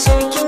so we can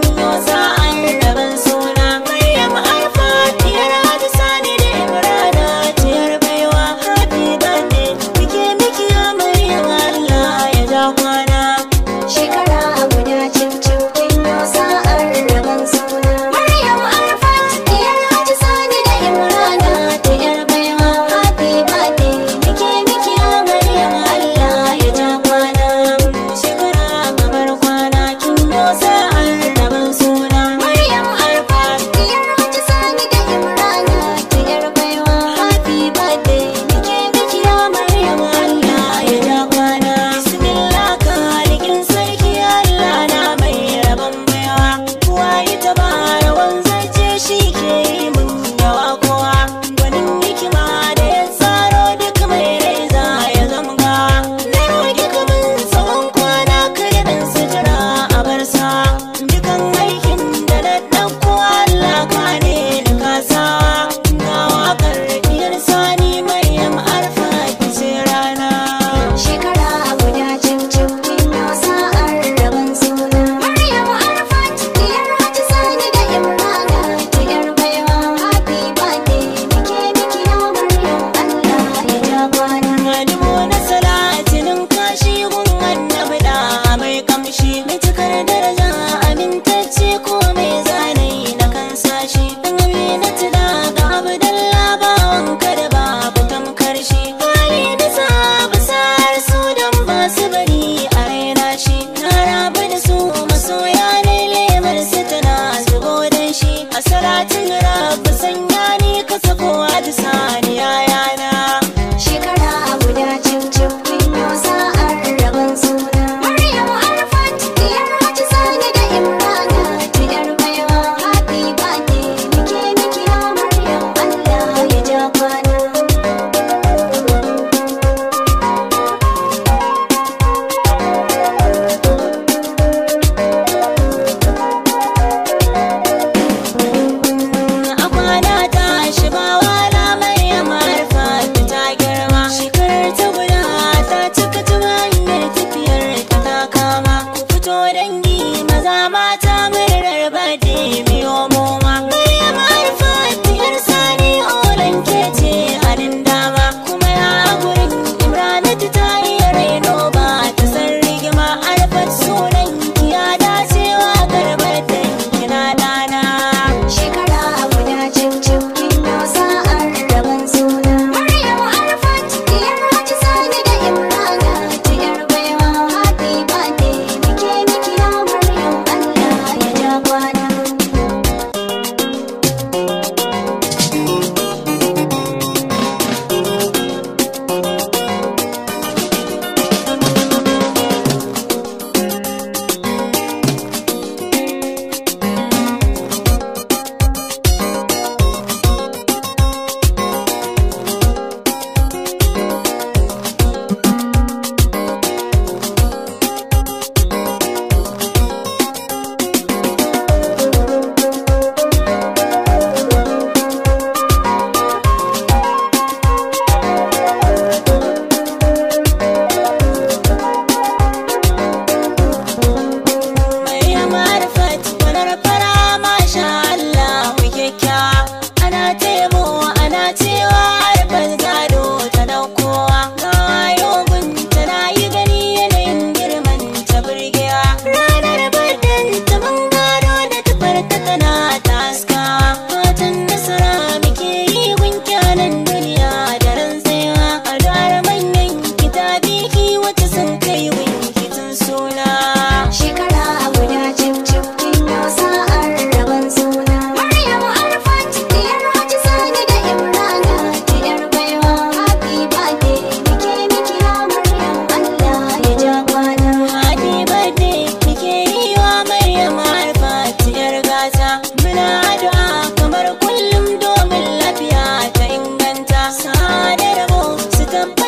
is on.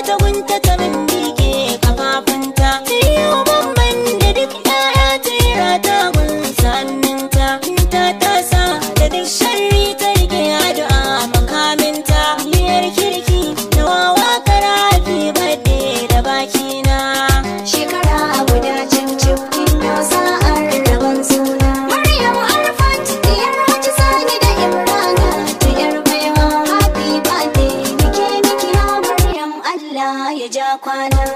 te aguante, te bendiga. not no.